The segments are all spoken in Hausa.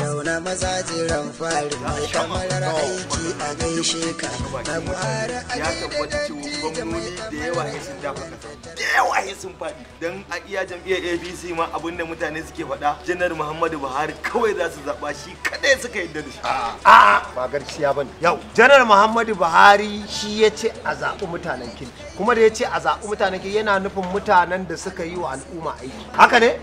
dauna maza jiran fari mai kamar aiki a gaishe ka a gwara a gaida da ti da mai kamar da yawa ya sun dafa yawa sun faɗi don a iya jam'iyyar abc ma abin da mutane suke faɗa janar muhammadu buhari kawai za su zaɓa shi kaɗai suka yadda da shi a ba garciya ba ne yau janar muhammadu buhari shi ya ce a zaɓi mutanen kin kuma da ya ce a zaɓi mutanen kin yana nufin mutanen da suka yi wa al'umma aiki haka ne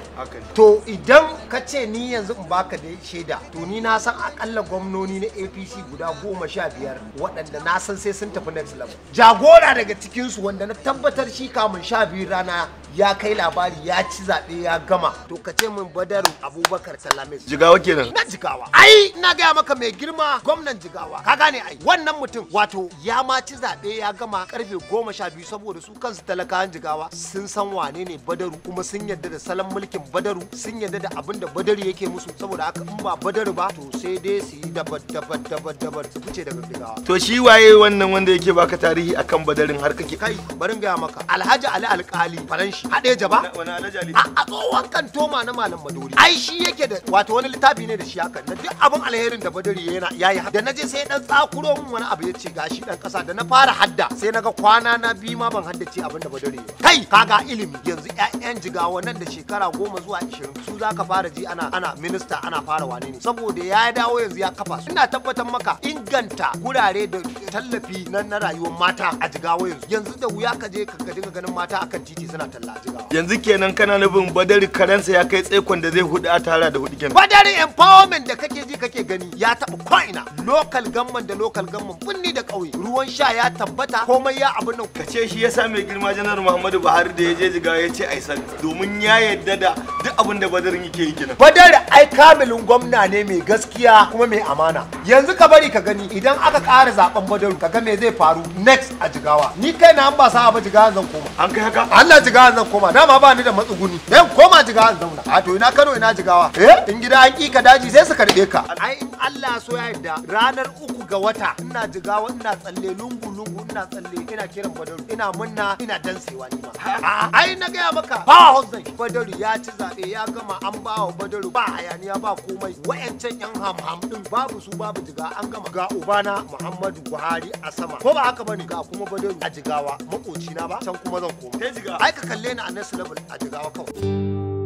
to idan ka ce ni yanzu in baka da shaida to ni na san akalla gwamnoni na apc guda goma sha biyar waɗanda na san sai sun tafi next level jagora daga cikinsu wanda na tabbatar shi kamun sha biyar biyu rana ya kai labari ya ci zaɓe ya gama to ka ce min badaru abubakar salamis jigawa kenan na jigawa ai na gaya maka mai girma gwamnan jigawa ka gane ai wannan mutum wato ya ma ci zaɓe ya gama karfe goma sha biyu saboda su kansu talakawan jigawa sun san wane ne badaru kuma sun yadda da salon mulkin badaru sun yadda da abin da badaru yake musu saboda haka in ba badaru ba to sai dai su yi dabar dabar dabar dabar su fice daga digawa to shi waye wannan wanda yake baka tarihi akan badarin har kake kai bari ga maka alhaji ali alkali faranshi hade jaba wani alhaji ali a tsohon kan toma na malam maduri ai shi yake da wato wani littafi ne da shi haka da duk abin alherin da badari yana yayi da naje sai dan tsakuro min wani abu yace gashi dan kasa da na fara hadda sai naga kwana na bi ma ban haddace abin da badari kai kaga ilimi yanzu ƴaƴan jigawa nan da shekara goma zuwa 20 su zaka fara ji ana ana minista ana fara wane ne saboda ya ya dawo yanzu ya kafa su ina tabbatar maka inganta gurare da tallafi na na rayuwar mata a jigawa yanzu yanzu da wuya ka je ka dinga ganin mata akan titi suna talla a jigawa yanzu kenan kana nufin badari karensa ya kai tsaikon da zai hudu a tara da hudu kenan badari empowerment da kake ji kake gani ya taba ko'ina local gamman da local gamman binni da ƙauye ruwan sha ya tabbata komai ya abin nan kace shi yasa mai girma janar muhammadu buhari da ya je jigawa ya ce aisan domin ya yarda da duk abin da badarin yake yi kenan badari ai kamilin gwamna ne mai gaskiya gaskiya kuma mai amana yanzu ka bari ka gani idan aka ƙara zaben badaru ka ga me zai faru next a jigawa ni kai na an ba sa ba jigawa zan koma an kai haka Allah jigawa zan koma dama ba ni da matsuguni dan koma jigawa zauna a to ina Kano ina jigawa eh in gida an kika daji sai su karbe ka ai Allah so ya yarda ranar uku ga wata ina jigawa ina tsalle lungu lungu ina tsalle ina kiran badaru ina munna ina dansewa ni ma ai na gaya maka ba hozai badaru ya ci zaɓe ya gama an ba wa badaru ba hayaniya ba komai wayancan yan hamham din babu su babu jiga an gama ga ubana Muhammadu Buhari a sama ko ba haka bane ga kuma badaru a jigawa makoci na ba can kuma zan koma kai jiga ai ka kalle ni a next level a jigawa kawai